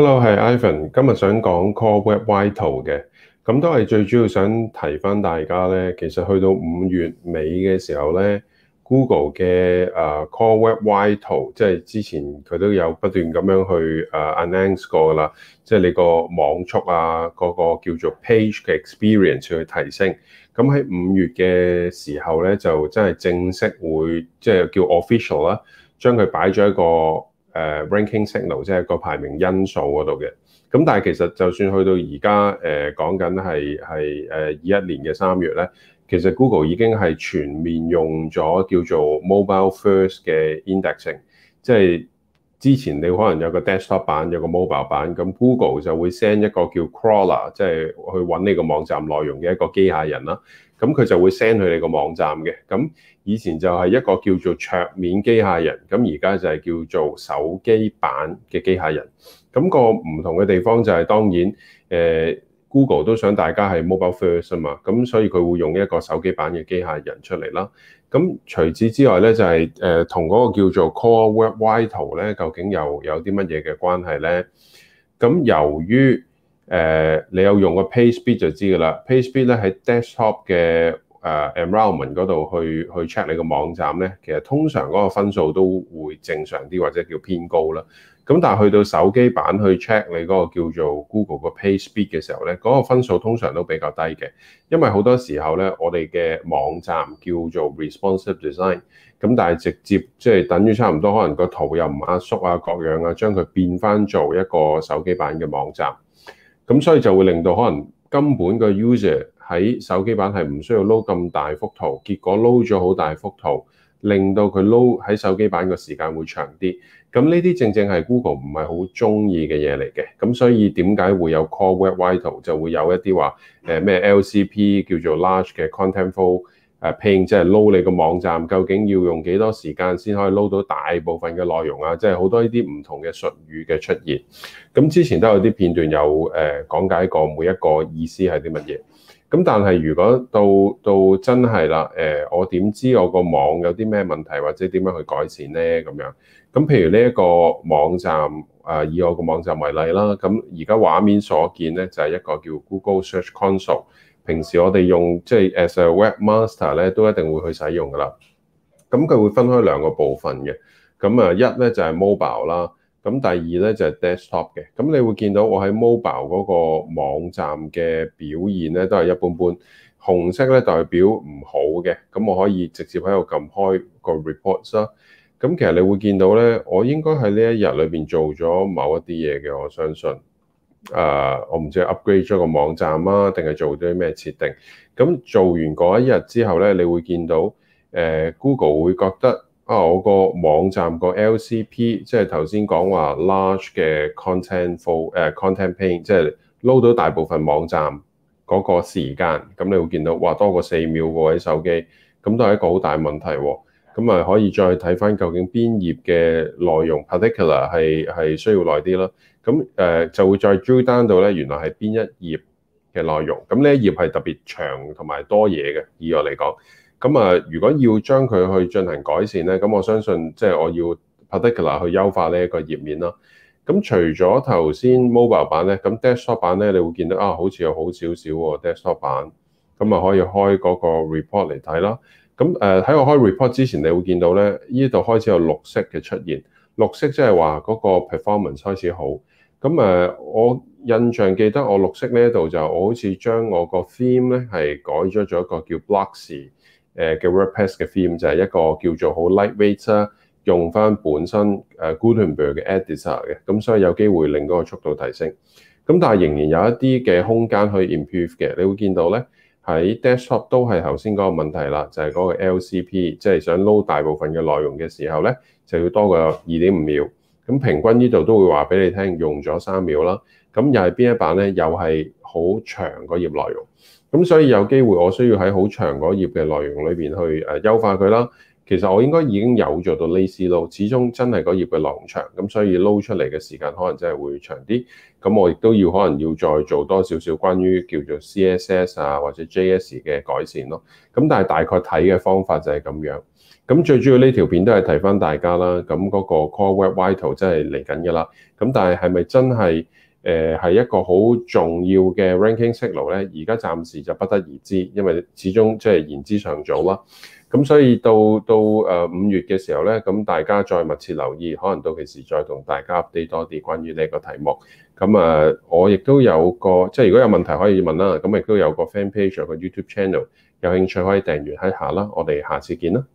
Hello，係 Ivan，今日想講 Core Web Vitals 嘅，咁都係最主要想提翻大家咧。其實去到五月尾嘅時候咧，Google 嘅啊 Core Web Vitals，即係之前佢都有不斷咁樣去啊 announce 過噶啦，即係你個網速啊，嗰個叫做 Page 嘅 experience 去提升。咁喺五月嘅時候咧，就真係正式會即係叫 official 啦，將佢擺咗一個。誒、uh, ranking signal 即係個排名因素嗰度嘅。咁但係其實就算去到而家，誒，講緊係係誒二一年嘅三月咧，其實 Google 已經係全面用咗叫做 mobile first 嘅 indexing，即係。之前你可能有個 desktop 版，有個 mobile 版，咁 Google 就會 send 一個叫 crawler，即係去揾你個網站內容嘅一個機械人啦。咁佢就會 send 去你個網站嘅。咁以前就係一個叫做桌面機械人，咁而家就係叫做手機版嘅機械人。咁、那個唔同嘅地方就係當然，誒、欸、Google 都想大家係 mobile first 啊嘛，咁所以佢會用一個手機版嘅機械人出嚟啦。咁除此之外咧，就係誒同嗰個叫做 Core Web Y 圖咧，究竟又有啲乜嘢嘅關係咧？咁由於誒、呃、你有用個 Page Speed 就知噶啦，Page Speed 咧喺 Desktop 嘅誒 Environment 嗰度去去 check 你個網站咧，其實通常嗰個分數都會正常啲，或者叫偏高啦。咁但係去到手機版去 check 你嗰個叫做 Google 個 Page Speed 嘅時候呢，嗰個分數通常都比較低嘅，因為好多時候呢，我哋嘅網站叫做 Responsive Design，咁但係直接即係等於差唔多，可能個圖又唔壓縮啊，各樣啊，將佢變翻做一個手機版嘅網站，咁所以就會令到可能根本個 user 喺手機版係唔需要 load 咁大幅圖，結果 load 咗好大幅圖。令到佢 load 喺手機版嘅時間會長啲，咁呢啲正正係 Google 唔係好中意嘅嘢嚟嘅，咁所以點解會有 Core Web Vital 就會有一啲話誒咩 LCP 叫做 large 嘅 contentful 誒 paint，即係 load 你個網站究竟要用幾多時間先可以 load 到大部分嘅內容啊。即係好多呢啲唔同嘅術語嘅出現，咁之前都有啲片段有誒講解過每一個意思係啲乜嘢。咁但係如果到到真係啦，誒、欸，我點知我個網有啲咩問題或者點樣去改善咧？咁樣，咁譬如呢一個網站，誒、啊，以我個網站為例啦，咁而家畫面所見咧就係、是、一個叫 Google Search Console。平時我哋用即係、就是、as a webmaster 咧，都一定會去使用噶啦。咁佢會分開兩個部分嘅，咁啊一咧就係、是、mobile 啦。咁第二咧就係、是、desktop 嘅，咁你會見到我喺 mobile 嗰個網站嘅表現咧都係一般般，紅色咧代表唔好嘅，咁我可以直接喺度撳開個 reports 啦、啊。咁其實你會見到咧，我應該喺呢一日裏邊做咗某一啲嘢嘅，我相信。誒、uh,，我唔知係 upgrade 咗個網站啊，定係做啲咩設定。咁做完嗰一日之後咧，你會見到誒、uh, Google 會覺得。啊！我個網站個 LCP，即係頭先講話 large 嘅 content ful 誒、uh, content paint，即係 load 到大部分網站嗰個時間，咁你會見到哇多過四秒喎喺手機，咁都係一個好大問題喎、哦。咁啊可以再睇翻究竟邊頁嘅內容 particular 係係需要耐啲咯。咁誒就會再 drawdown 到咧，原來係邊一頁嘅內容，咁呢一,一頁係特別長同埋多嘢嘅，以我嚟講。咁啊！如果要將佢去進行改善咧，咁我相信即係我要 particular 去優化呢一個頁面啦。咁除咗頭先 mobile 版咧，咁 desktop 版咧，你會見到啊，好似有好少少喎 desktop 版。咁啊，可以開嗰個 report 嚟睇啦。咁誒喺我開 report 之前，你會見到咧，呢度開始有綠色嘅出現。綠色即係話嗰個 performance 開始好。咁誒，我印象記得我綠色呢一度就我好似將我個 theme 咧係改咗咗一個叫 Blocksy 誒嘅 WordPress 嘅 theme 就係一個叫做好 lightweight 啦，用翻本身誒 Gutenberg 嘅 editor 嘅，咁所以有機會令嗰個速度提升。咁但係仍然有一啲嘅空間可以 improve 嘅。你會見到咧喺 desktop 都係頭先嗰個問題啦，就係、是、嗰個 LCP，即係想撈大部分嘅內容嘅時候咧，就要多過二點五秒。咁平均呢度都會話俾你聽，用咗三秒啦。咁又係邊一版咧？又係好長嗰頁內容，咁所以有機會我需要喺好長嗰頁嘅內容裏邊去誒優化佢啦。其實我應該已經有做到 lazy load 始終真係嗰頁嘅內容長，咁所以撈出嚟嘅時間可能真係會長啲。咁我亦都要可能要再做多少少關於叫做 CSS 啊或者 JS 嘅改善咯。咁但係大概睇嘅方法就係咁樣。咁最主要呢條片都係提翻大家啦。咁嗰個 Core Web Vital 真係嚟緊噶啦。咁但係係咪真係？誒係一個好重要嘅 ranking signal 咧，而家暫時就不得而知，因為始終即係言之尚早啦。咁所以到到誒五月嘅時候咧，咁大家再密切留意，可能到其時再同大家 update 多啲關於呢個題目。咁啊，我亦都有個即係如果有問題可以問啦。咁亦都有個 fan page 有個 YouTube channel，有興趣可以訂閱睇下啦。我哋下次見啦。